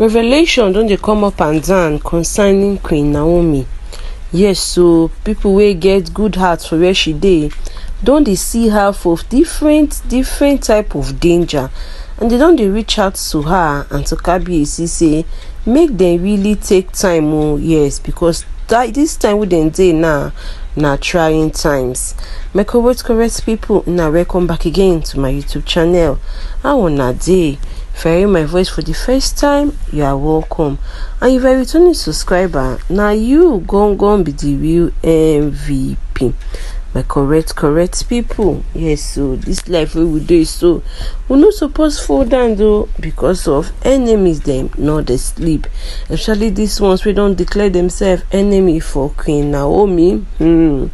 revelation don dey come up and down concerning queen naomi yes so people wey get good heart for where she dey don dey see her for different different type of danger and they don dey reach out to her and to kabiyesi say make dem really take time o yes because that this time wey dem dey now na trying times my correct correct pipo una welcome back again to my youtube channel how una dey If you my voice for the first time, you are welcome. And if you're a returning subscriber, now you gon' gon' be the real MVP. My correct, correct people. Yes, so this life we will do is so. We not suppose fall down though because of enemies them, not the sleep. Especially these ones we don't declare themselves enemy for Queen Naomi. Hmm.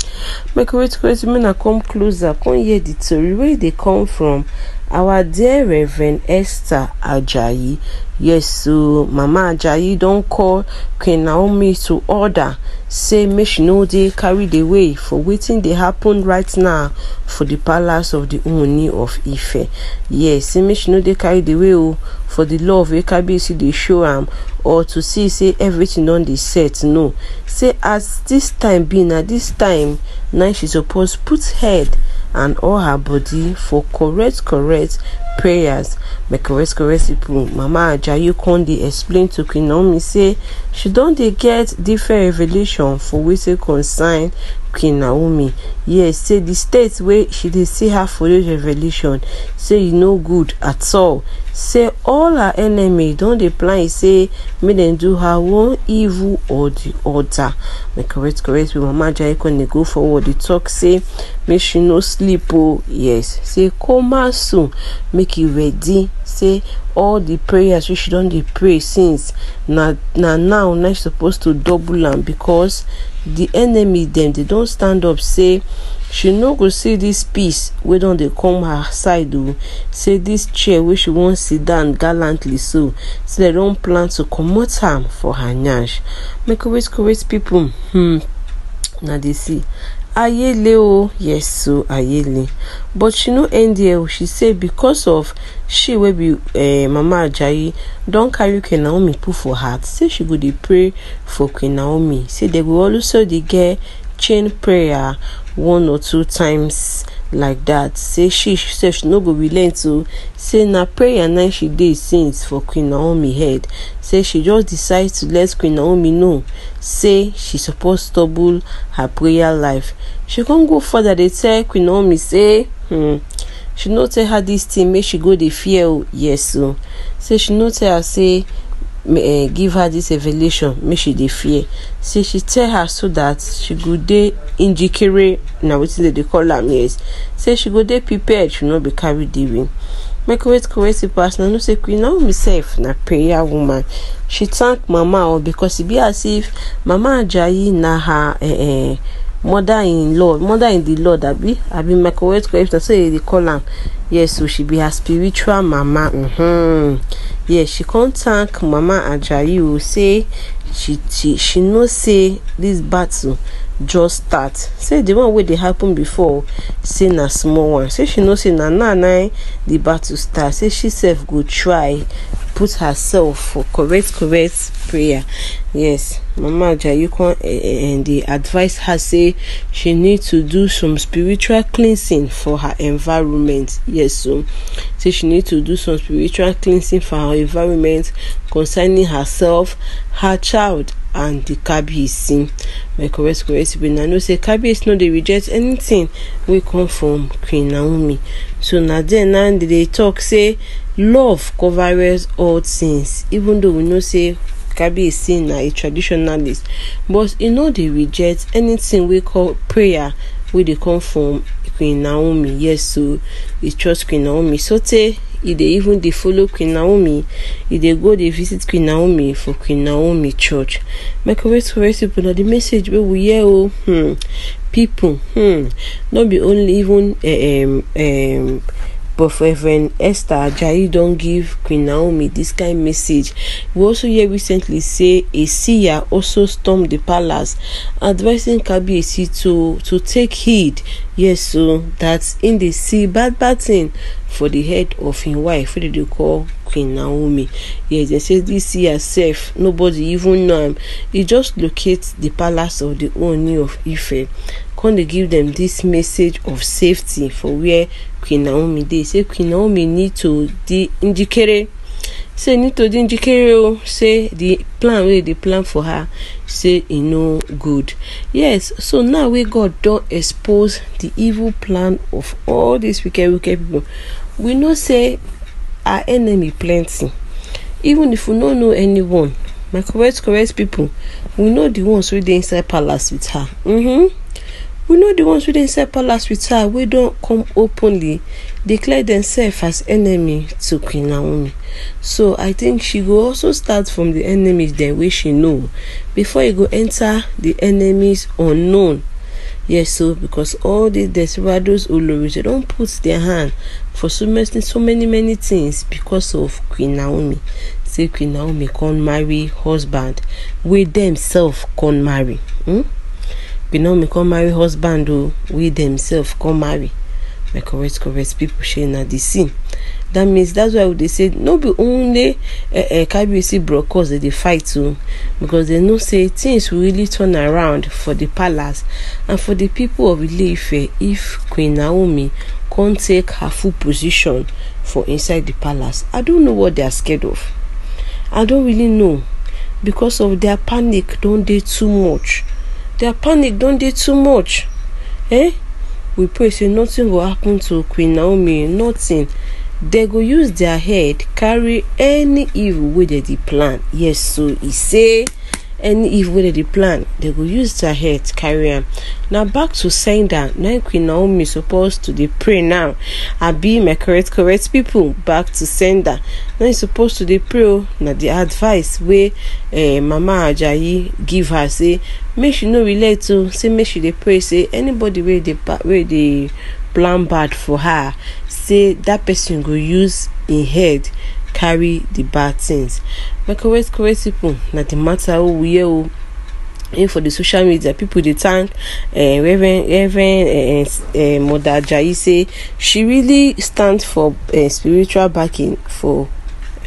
My correct, correct women are come closer, come hear the story where they come from. Our dear Reverend Esther Ajayi, yes, so Mama Ajayi don't call Queen Naomi to order, say make she no dey carried away for wetin dey happen right now for the palace of the Ooni of Ife. Yes, say make she no dey carried away o oh, for di love wey Kabiyesi dey show am or to see say everything don dey set. No, say as this time be na this time na she suppose put head. and all her body for correct correct prayers. Mekoresko Resipu Mama Ajayi Konde explain to Queen say she don dey get different revelation for wetin concern Queen Naomi. Yes, say the state wey she dey see her for this revelation say e no good at all. Say all her enemy don dey plan e say make dem do her one evil or the other. Mekoresko Resipu Mama Ajayi Konde go forward dey talk say make she no sleep o. Yes, say coma soon make make e ready say all the prayers wey she don dey pray since na na now na she suppose to double am because the enemy dem dey don stand up say she no go see this peace wey don dey come her side o say this chair wey she wan sit down gallantly so say dem don plan to comot am for her nyash make always correct people hmm na dey see ayé le o yes so ayé le but she no end there she say because of she wey be eh, mama ajayi don carry queen naomi put for heart say she go dey pray for queen naomi say dem go also dey get chain prayer one or two times like that, say she sef she no go relent o say na prayer na she dey since for queen naomi head say she just decide to let queen naomi know say she suppose double her prayer life she come go further dey tell queen naomi say hmm, she no tell her this thing make she go dey fear o yes o say she no tell her say uh, give her this revelation make she dey fear say she tell her so that she go dey njikere na wetin dem dey call am yes say she go dey prepared she no be carry the win mekowet kowet pass na know say queen naomi sef na prayer woman she thank mama o oh, because e be as if mama ajayi na her uh, eh, uh, eh, mother in law mother in the law abi abi mekowet kowet na so dem dey call am Yes, so she be her spiritual mama. Mm-hmm. Yes, she contact Mama Ajayi who oh, say she she she know say this battle just start. Say the one wey dey happen before say na small one. Say she know say na now na the battle start. Say she sef go try put herself for correct correct prayer yes mama Jayukon eh, eh, eh, and the advice her say she need to do some spiritual cleansing for her environment yes so say she need to do some spiritual cleansing for her environment concerning herself her child and the scene. my correct correct bin na know say kabiyesi no they reject anything We come from Queen Naomi so now then na they talk say love covers all things even though we know say kabiyesi na a traditionalist but e no dey reject anything wey call prayer wey dey come from queen naomi yes o so, e trust queen naomi So sotey e dey even dey follow queen naomi e dey go dey visit queen naomi for queen naomi church My i wait for rest pipo na di message wey we hear o oh, hmm, pipo hmm, no be only even um, um, But Reverend Esther Ajayi don't give Queen Naomi this kind message. We also hear recently say a seer also stormed the palace, advising Kabiyesi to to take heed. Yes, so that's in the sea bad bad thing for the head of his wife What dey dey call Queen Naomi. Yes, they say this seer safe. nobody even know him. He just locates the palace of the Ooni of Ife come dey give dem this message of safety for where queen naomi dey say queen naomi need to dey njikere say need to dey njikere o say the plan wey dey plan for her say e no good yes so now wey god don expose the evil plan of all these wicked wicked people we know say our enemy plenty even if we no know anyone my correct correct people we know the ones wey dey inside palace with her. Mm -hmm we know the ones wey dey inside palace wit her wey don come openly declare themselves as enemy to queen naomi so i think she go also start from the enemies dem wey she know before e go enter the enemies unknown yes so because all di desperados olori they don put their hand for so many so many many things because of queen naomi say queen naomi come marry husband wey dem sef come marry. Hmm? no me come marry husband o oh, wey themselves come marry my correct correct people shey na the scene that means that's why we dey say no be only uh, eh, uh, eh, kabiyesi brokos dey dey fight o oh, because they know say things will really turn around for the palace and for the people of ile if queen naomi come take her full position for inside the palace i don't know what they are scared of i don't really know because of their panic don dey too much Their panic don't do too much. Eh? We pray say nothing will happen to Queen Naomi, nothing. They go use their head, carry any evil wey they dey plan. Yes, so e say any if wey dem dey plan dem go use their head carry am na back to sender na queen naomi suppose to dey pray now abi my correct correct people back to sender na you suppose to dey pray o oh. na the advice wey uh, mama ajayi give her say make she no relate to oh. say make she dey pray say anybody wey dey wey dey plan bad for her say that person go use im head carry the bad things my correct correct people na the matter o oh, we hear o oh. even for the social media people dey thank uh, reverend reverend uh, uh, mother ajayi say she really stand for uh, spiritual backing for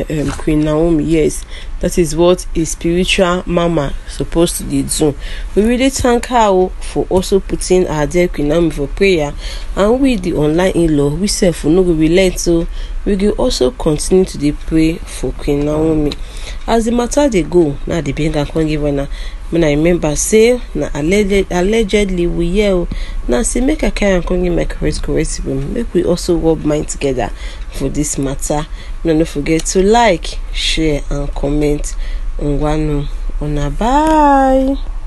um, Queen Naomi. Yes, that is what a spiritual mama supposed to do. We really thank her oh, for also putting our dear Queen Naomi for prayer, and we the online in-law we say for no oh. we relent so we will also continue to pray for Queen Naomi. As the matter they go, now the bring and give her when i remember say na allegedly we yell oh, na say make a carry am come give my correct room make we also work mind together for this matter no no forget to like share and comment ngwanu una bye